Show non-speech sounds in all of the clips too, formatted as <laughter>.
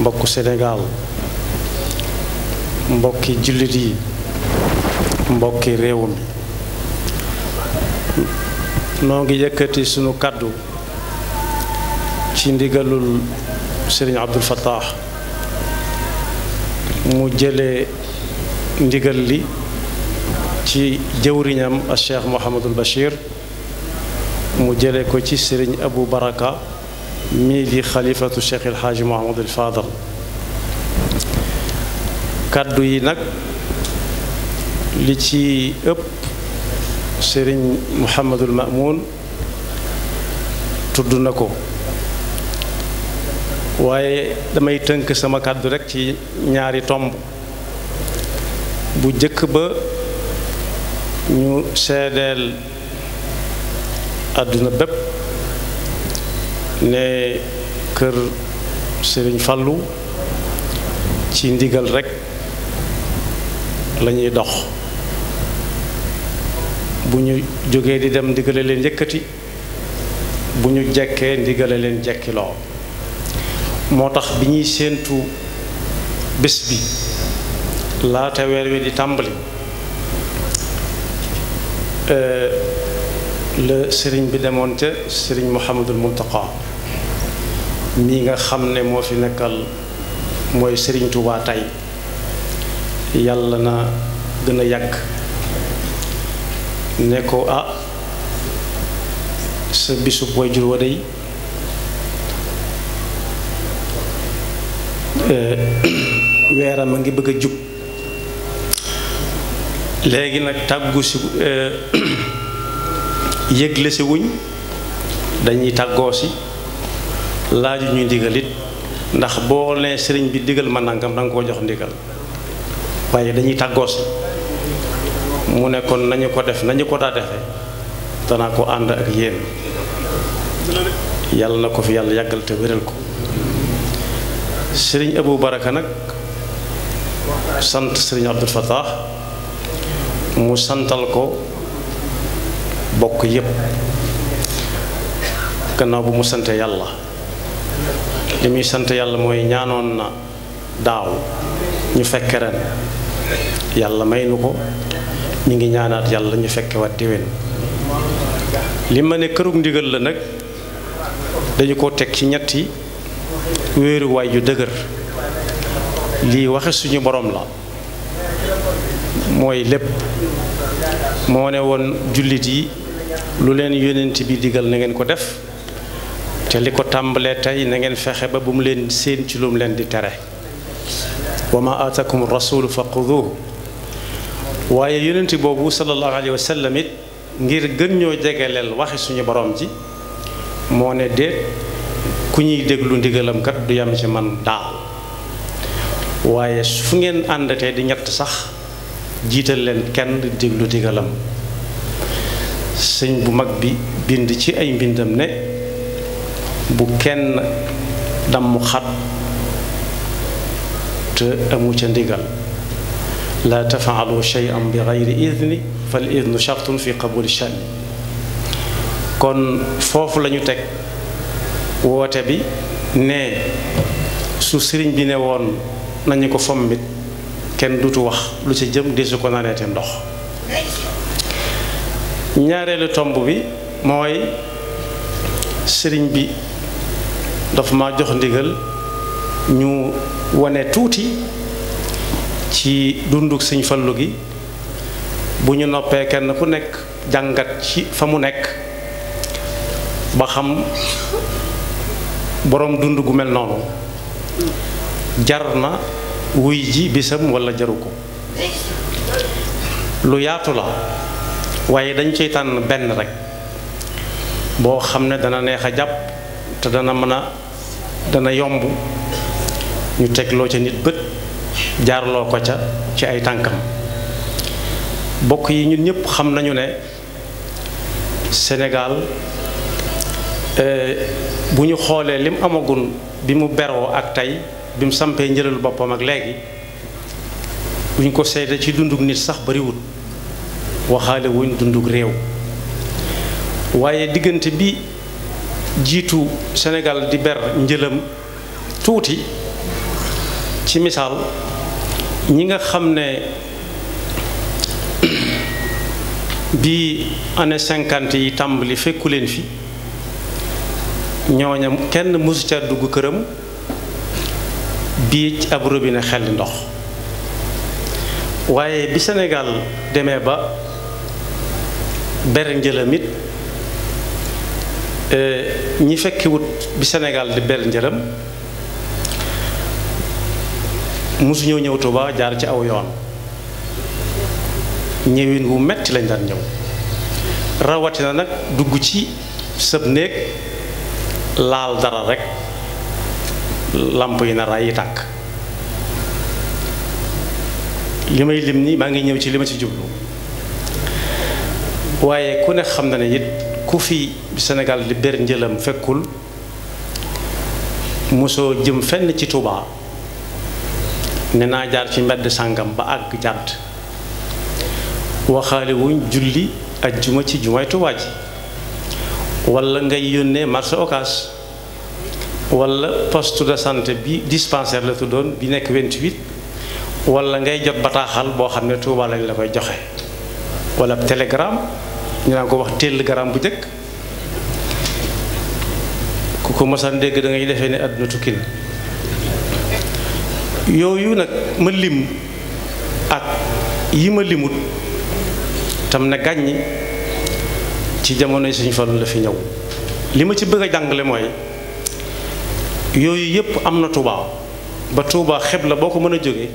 mbokku senegaal mbokki jullit yi mbokki réew mi noo ngi yëkkati sunu kàddu ci ndigalul Sëriñ Abdul Fattah mu jële ndigal li ci jëwriñam a Cheikh Mouhamadul Bachir mu jële ko ci Sëriñ Abu Baraka mii di xalifatu cheikh El Hadj Mouhamadul Fadal kàddu yi nag li ci ëpp sëriñ Mouhamadul Mamoun tudd na ko waaye damay tënk sama kàddu rekk ci ñaari tomb bu jëkk ba ñu seedeel àdduna bépp ne kër sëriñ Fallou ci ndigal rekk lañuy dox bu ñu jógee di dem ndigale leen yëkkati bu ñu jekkee ndigale leen jekkiloo moo tax bi ñuy séentu bés bi laata weer wi di tàmbali euh, la sëriñ bi demoon ca sëriñ Mouhamadul Muntaqa mi nga xam ne moo fi nekkal mooy Serigne Touba tey yàlla na gën a yàgg ne ko ah sa bisub wayjur wa day eh, <clears throat> weeram a ngi bëgg a jub léegi nag tàggu si eh, <clears throat> yëgle si wuñ dañuy tàggoo si laaju ñuy ndigal it ndax boo nee sëriñ bi digal ma nangam danga koo jox ndigal waaye dañuy tàggoos mu nekkoon kon nañu ko def nañu ko daa defee danaa ko ànd ak yéen yàlla na ko fi yàlla yàggal te wéral ko sëriñ Abu Baraka nag sant sëriñ Abdul Fattah mu santal ko bokk yépp gannaaw bu mu santee yàlla li muy sant yàlla mooy ñaanoon na daaw ñu fekke ren yàlla may nu ko ñu ngi ñaanaat yàlla ñu fekke waat déwén li ma ne kërug ndigal la nag dañu ko teg ci ñetti wéeruwaay yu dëgër lii waxe suñu borom la mooy lépp moo ne woon jullit yi lu leen yónent bi digal na ngeen ko def te li ko tàmbalee tey na ngeen fexe ba bu mu leen séen ci lum leen di tere wa ma fa xuduhu waaye yonent boobu sallallahu alayhi wa sallam it ngir gën ñoo jegeleel waxi suñu boroom ji moo ne déet ku ñuy déglu ndigalam kat du yam ci man daal waaye fu ngeen àndatee di ñett sax jiital leen kenn déglu ndigalam sëñ bu mag bi bind ci ay mbindam ne bu kenn damm xat te amu ca ndigal laa tafaalu cheyan bi geyri idni fal idnu chartun fi qabuli chani kon foofu lañu teg woote bi ne su sëriñ bi ne woon nañu ko fommit kenn dutu wax lu ci jëm di su ko naneete ndox ñaareelu tomb bi mooy sëriñ bi dafa ma jox ndigal ñu wone tuuti ci dunduk sëñ fallu gi bu ñu noppee kenn ku nekk jàngat ci fa mu nekk ba xam boroom dund gu mel noonu jar na wuy ji bisam walla jaru ko lu yaatu la waaye dañ cey tànn benn rekk boo xam ne dana neex a jàpp te dana mën dana yomb ñu tegloo ca nit bët jaarloo ko ca ci ay tànkam bokk yi ñun ñëpp xam nañu ne Sénégal euh, bu ñu xoolee lim amagun bi mu beroo ak tey bi mu sampee njëlalu boppam ak léegi bu ñu ko seetee ci dundug nit sax bariwul waxaale wuñ dundug réew waaye diggante bi jiitu Sénégal di ber njëlam tuuti ci misaal ñi nga xam ne <clears throat> bi année cinquante yi tàmbali fekku leen fi ñooña kenn mësu ca dugg këram bii ci ab robine xel ndox waaye bi Sénégal deme ba ber njëlam Euh, ñi fekki wut bi Sénégal di bel njëram mosuñoo ñëw Tuuba jaar ci aw yoon ñëwin wu metti lañ daan ñëw rawatina nag dugg ci sëb néeg laal dara rek làmp yi na raay yi tàkk li may lim nii maa ngi ñëw ci li ma ci jublu waaye ku ne xam na ne it ku fi senegal di ber fekkul mosoo jëm fenn ci Touba ne naa jaar ci mbedd sàngam ba àgg jàdd waxaale wuñ julli ajjuma ci jumaay Touba ji wala ngay yónnee marché Ocass walla poste de santé bi dispensaire la tuddoon bi nekk 28 wala ngay jot bataaxal boo xam ne Touba lañ la koy joxe wala télégramme ñu naan ko wax tell garam bu njëkk ku ko mosaan dégg da ngay defee ne àdduna tukki na yooyu nag ma lim ak yi ma limut tam na gàññi ci jamono suñu Fallu la fi ñëw li ma ci bëgg a jàngale mooy yooyu yépp am na Tuubaa ba Tuubaa xeb la boo ko mën a jóge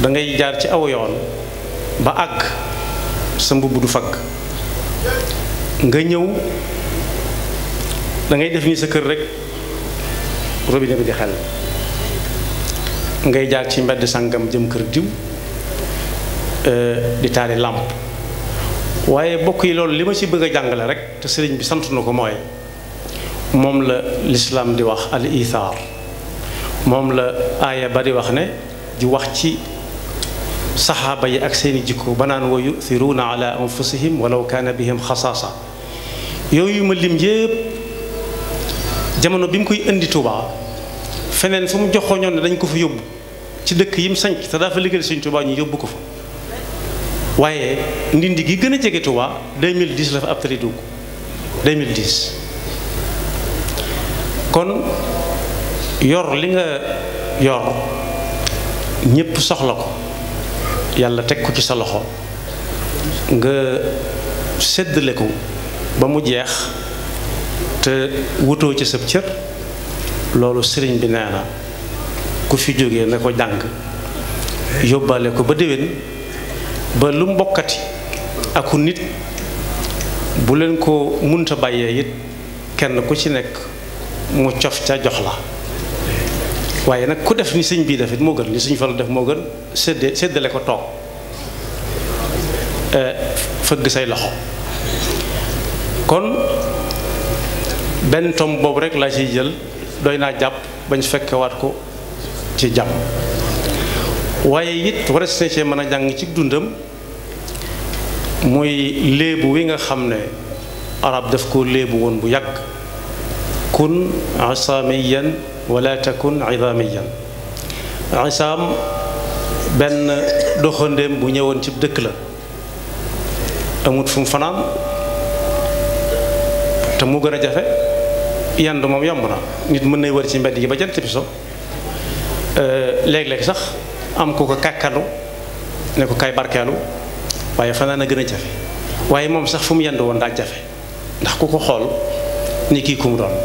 dangay jaar ci aw yoon ba àgg sa mbubb du fakk nga ñëw dangay def ni sa kër rek robinet bi di xel ngay jaar ci mbedd sàngam jëm kër diw eh, di taali làmp waaye bokk yi loolu li ma ci bëgg a jàngale rek te sëriñ bi sant na ko mooy moom la lislaam di wax al moom la aaya ba di wax ne di wax ci saxaaba yi ak seeni jikko ba naan wa yuthiruuna ala anfusihim walaw bi bihim xasaasa yooyu ma lim yépp jamono bi mu koy indi Touba feneen fu mu joxoñoon ne dañ ko fa yóbbu ci dëkk yi mu sanc te daa fa liggéeyal Sëñ Touba ñu yóbbu ko fa waaye ndindi gi gën a jege Touba 2010 la fa ab tali dugg 2010 kon yor li nga yor ñépp soxla ko yàlla teg ko ci sa loxo nga séddale ko ba mu jeex te wutoo ci sab cër loolu sëriñ bi nee na ku fi jóge na ko jàng yóbbaale ko ba déwén ba lu mbokkati aku nit bu leen ko munta bàyyee it kenn ku ci nekk mu cof ca jox la waaye nag ku def ni sëñ bii def it moo gën li sëñ Fallu def moo gën séddee séddale ko toog eh, fëgg say loxo kon benn tomb boobu rek laa ciy jël doy naa jàpp bañ fekkewaat ko ci jàmm waaye it war a see mën a jàng ci dundam muy léebu wi nga xam ne arab daf ko léebu woon bu yàgg kun yenn wala takun idaamiyan isaam benn doxandéem bu ñëwoon cib dëkk la amut fum mu fanaan te mu gën a jafe yand moom yomb na nit mën nay wër ci mbedd yi ba jant bi so euh, léeg-léeg sax am ko ko kàkkalu ne ko kay barkeelu waaye fanaan a gën a jafe waaye moom sax fu mu yand woon daa jafe ndax ku ko xool ni kii ku doon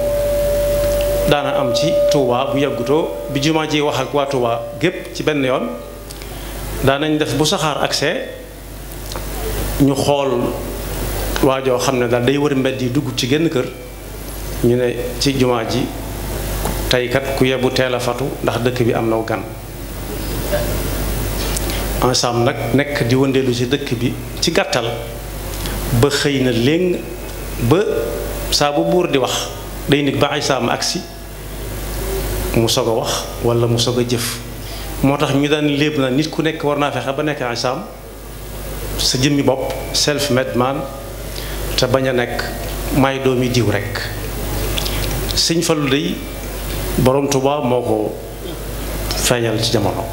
daana am ci tuuwaa bu yeggutoo bi jumaa ji wax ak waa Touba gépp ci benn yoon daanañ def bu saxaar accès ñu xool joo xam ne daal day wër mbedd yi dugg ci genn kër ñu ne ci jumaa ji tey kat ku yebu teel a fatu ndax dëkk bi am naw gan ensemble nag nekk di wëndeelu ci dëkk bi ci gàttal ba xëy na léng ba saabu buur di wax day nit ba ay agsi mu soog a wax walla mu soog a jëf moo tax ñu daan léeb na nit ku nekk war naa fexe ba nekk ensemble sa jëmmi bopp self made man te bañ a nekk may doomi diw rek sëñ Fallu dey boroom Tuubaa moo ko feeñal ci jamono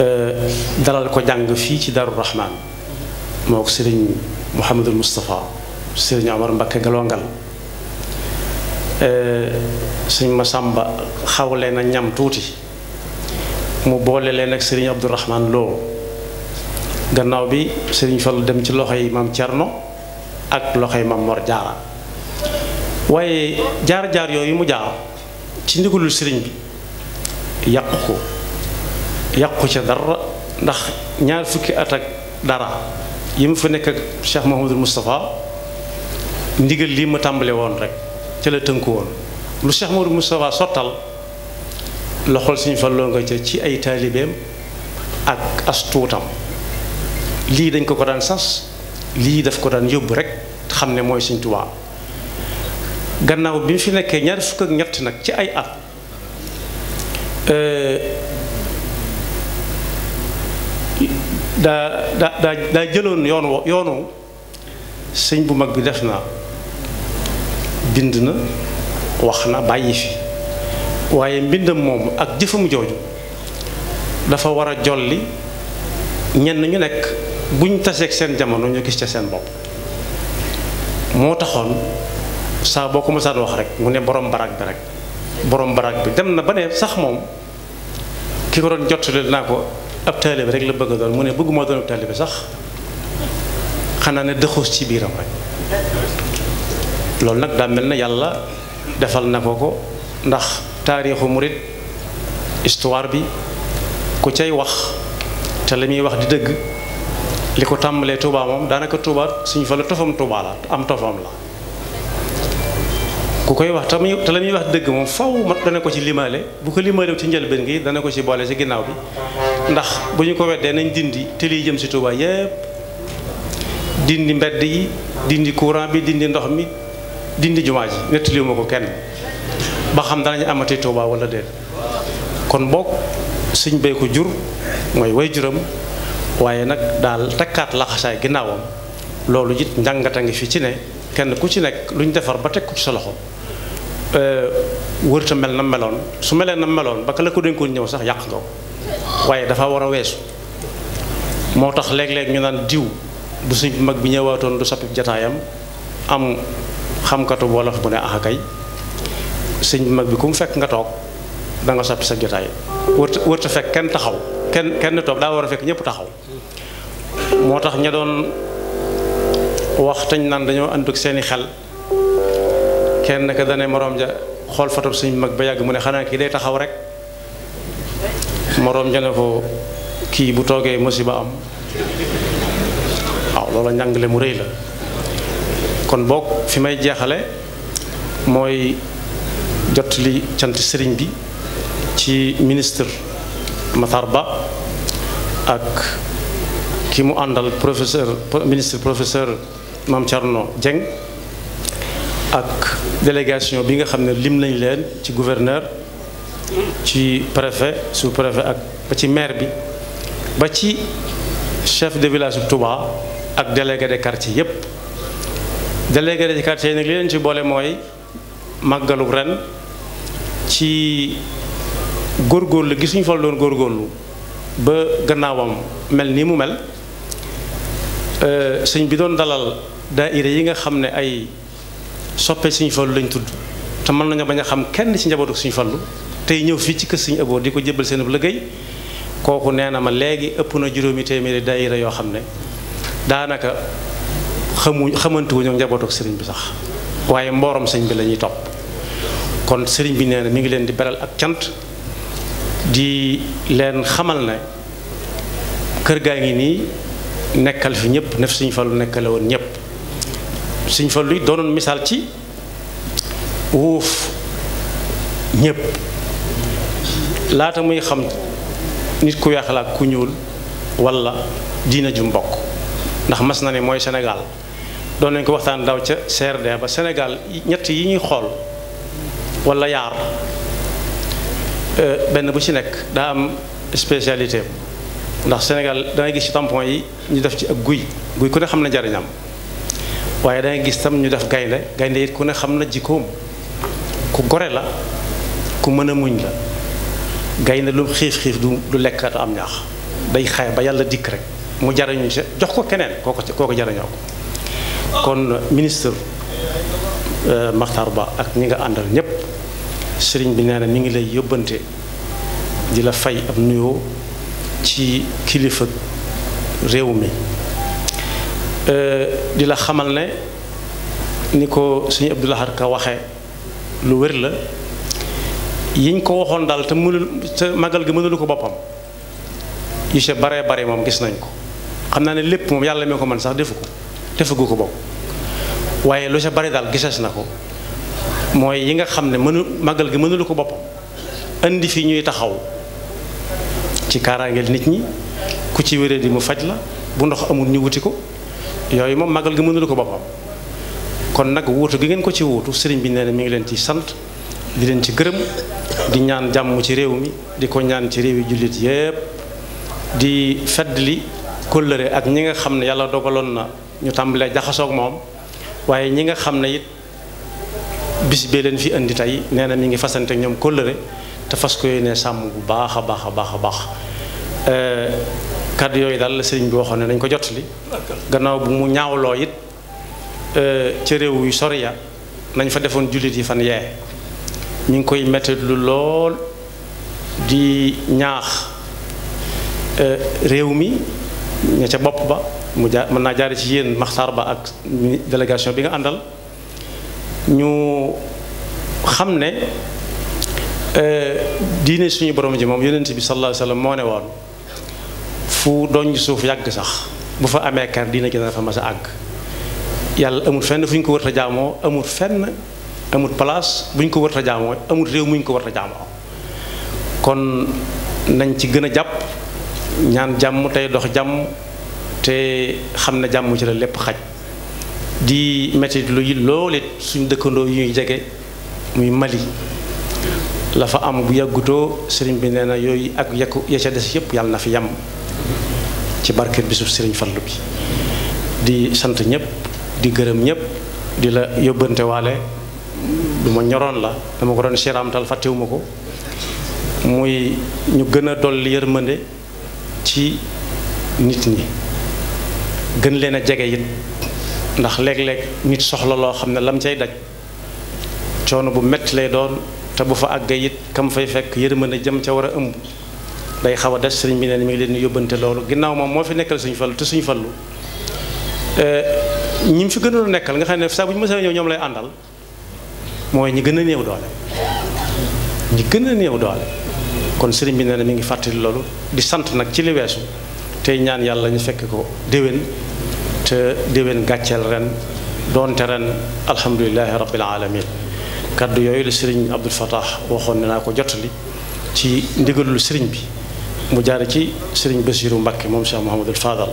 euh, dalal ko jàng fii ci Daaru Rahmaan moo ko sëriñ Muhammadul Moustapha sëriñ Amar Mbakke Galongal Eh, sëñ Masamba xaw leen a ñam tuuti mu boole leen ak sëriñ Abdourahman Lo gannaaw bi sëriñ Fallu dem ci loxo loxoy maam Cerno ak loxoy maam Mor Jaara waaye jaar-jaar yooyu mu jaar ci ndigalul sëriñ bi yàqu ko yàqu ca dara ndax ñaar fukki at ak dara yi mu fi nekk ak Cheikh Mouhamadul Moustapha ndigal lii ma tàmbale woon rek ca la tënku woon lu Cheikh Modou Moustapha sottal loxol suñ falloo nga jël ci ay taalibeem ak astuutam lii dañ ko ko daan sas lii daf ko daan yóbbu rek xam ne mooy Sëñ Tuubaa gannaaw bi mu fi nekkee ñaar fukk ak ñett nag ci ay at eh, daa daa daa jëloon yoon yoonu sëñ bu mag bi def naa bind na wax na bàyyi fi waaye mbindam moom ak jëfam jooju dafa war a jolli ñenn ñu nekk buñ taseeg seen jamono ñu gis ca seen bopp moo taxoon saa boo ko mësaan wax rek mu ne borom barak bi rek borom barak bi dem na ba ne sax moom ki ko doon jottali naa ko ab taalibe rek la bëgg doon mu ne bëgguma doon ab taalibe sax xanaa ne dëxoos ci biiram rek loolu nag daa mel na yàlla defal na ko ko ndax taarixu murit histoire bi ku cay wax te la muy wax di dëgg li ko tàmbalee Touba moom daanaka Touba suñu fa la tofam Touba la koy wax te muy wax dëgg moom faw mat dana ko ci limaale bu ko limaale ci njëlbeen gi dana ko ci boole ci ginnaaw bi ndax bu ñu ko weddee nañ dindi te liy jëm si Touba yépp dindi mbedd yi dindi courant bi dindi ndox mi dindi jumaa ji nettali ma ko kenn ba xam danañu amati Tuuba wala déet kon boog sëñ bay ko jur mooy way juram waaye nag daal takkaat laxasaay ginnaawam loolu it a ngi fi ci ne kenn ku ci nekk lu ñu defar ba teg ko sa loxo euh, wërta mel na meloon su melee na meloon ba ka la ko dénkoon ñëw sax yàq nga ko waaye dafa war a weesu moo tax léeg-léeg ñu naan diw bu suñ mag bi ñëwaatoon du sappi jataayam am xamkatu wolof ah bu ne ax akay sëñ bi mag bi ku mu fekk nga toog da nga soppi sa jotaay wërta wërta fekk kenn taxaw kenn kenn toog daa war a fekk ñëpp taxaw moo tax ña doon wax tañ naan dañoo ànd seeni xel kenn ka dane moroom ja xool foto sëñ bi mag ba yàgg mu ne xanaa kii day taxaw rek moroom ja ko kii bu toogee musiba am waaw loola njàngale mu réy la kon boog fi may jeexale mooy jot li cant sëriñ bi ci ministre Matar Ba ak ki mu àndal professeur ministre professeur Mame Thierno Dieng ak délégation bi nga xam ne lim nañ leen ci gouverneur ci préfet sous préfet ak ba ci maire bi ba ci chef de village bu ak délégué de quartier yépp délégué de quartier yi nag li leen ci boole mooy màggalu ren ci góorgóorlu gisuñu fa la doon góorgóorlu ba gannaawam mel nii mu mel euh, sëñ bi doon dalal daa daayira yi nga xam ne ay soppe suñu fallu lañ tudd te mën nañu bañ nga xam kenn ci njabootu suñu lu tey ñëw fii ci kës suñu aboo di ko jébbal seen liggéey kooku nee na ma léegi ëpp na juróomi téeméeri daayira yoo xam ne daanaka xamuñ xamante wuñu ak sëriñ bi sax waaye mboorom sëñ bi lañuy ñuy topp kon sëriñ bi nee na mi ngi leen di beral ak cant di leen xamal na kër gaa ngi nii nekkal fi ñépp nef sëñ Fallu nekkale woon ñëpp sëñ Fallu yi doonoon misaal ci wuuf ñépp laata muy xam nit ku weex ku ñuul walla diina ju mbokk ndax mas na ne mooy senegaal doon nañ ko waxtaan daaw ca CRD ba Sénégal ñett yi ñuy xool walla yaar euh, benn bu ci nekk daa am spécialité ndax Sénégal dangay gis ci tampon yi ñu def ci ak guy guy ku ne xam na jariñam waaye dangay gis tam ñu def gaynde gaynde it ku ne xam na jikkoom ku gore la ku mën a muñ la gaynde lu xiif xiif du du lekk am ñaax day xaye ba yàlla dikk rek mu jariñu ci jox ko keneen kooko ci jariñoo ko kon ministre euh, Makhtar Ba ak ñi nga àndal ñépp sëriñ bi nee na mi ngi lay yóbbante di la fay ab nuyoo ci kilifa réew mi euh, di la xamal ne ni ko suñu Abdou Ka waxee lu wér la yiñ ko waxoon daal te mënul te magal gi mënulu ko boppam yu ci baree bare moom gis nañ ko xam naa ne lépp moom yàlla mi ko man sax defu ko defagu ko bopp waaye lu sa bari daal gisees na ko mooy yi nga xam ne mënu màggal gi mënulu ko bopp indi fi ñuy taxaw ci kaaraangeel nit ñi ku ci wéree di mu faj la bu ndox amul ñu wuti ko yooyu moom màggal gi mënulu ko boppam kon nag wuutu gi ngeen ko ci wuutu sëriñ bi nee na mi ngi leen ci sant di leen ci gërëm di ñaan jàmm ci réew mi di ko ñaan ci réew yi jullit yépp di fedd li kóllëre ak ñi nga xam ne yàlla dogaloon na ñu tàmbalee jaxasoog moom waaye ñi nga xam ne it bis bee leen fi indi tey nee na mi ngi fasante ñoom kóllëre te fas ko yéene sàmm bu baax a baax a baax a baax euh, kàddu yooyu daal la sëriñ bi waxoon ne nañ ko jotali gannaaw bu mu ñaawloo it euh, ci réew yu sori ya nañ fa defoon jullit yi fan yee ñu ngi koy mettit lu lool di ñaax euh, réew mi ña ca bopp ba mu jaar mën naa jaare ci yéen maxtaar ba ak délégation bi nga àndal ñu xam ne euh, diine suñu borom ji moom yonent bi sallallahu alayhi wasallam moo ne woon fu sax bu fa amee kar diine gi dana fa àgg yàlla amul fenn fu ñu ko wërta jaamoo amul fenn amul place bu ñu ko wërta jaamoo amul réew mu ñu ko wërta jaamoo kon nañ ci gën a jàpp ñaan jàmm tey dox jàmm te xam ne jàmm ci la lépp xaj di metti lu yi loolit suñu dëkkandoo yu ñuy jege muy Mali la fa am bu yàggutoo sëriñ bi nee na yooyu ak yekku ya ca des yëpp yàlla na fi yam ci barke bisu sëriñ Fallu bi di sant ñëpp di gërëm ñëpp di la yóbbante waale du ma ñoroon la dama ko doon séeramtal fàttewuma ko muy ñu gën a dolli yërmande ci nit ñi gën leen a jege yit ndax léeg-léeg nit soxla loo xam ne lam cay daj coono bu metti lay doon te bu fa àggee it kam fay fekk yërmande jëm ca war a ëmb day xaw a des sëriñ bi ne mi ngi leen di yóbbante loolu ginnaaw moom moo fi nekkal suñu fallu te suñu fallu eh, ñi mu fi gënoon nekkal nga xam ne saa bu ñu mësee ñëw ñoom lay àndal mooy ñi gën a néew doole ñi gën a néew doole. kon sëriñ bi nee na mi ngi fàttali loolu di sant nag ci li weesu tey ñaan yàlla ñu fekk ko déwén te déwén gàcceel ren doonte ren alhamdulilahi rabbil alamin kaddu yooyu la sëriñ Abdul Fattah waxoon ne naa ko jottali ci ndigalul sëriñ bi mu jaare ci sëriñ Basiiru mbakki moom Cheikh Mouhamadul Fadal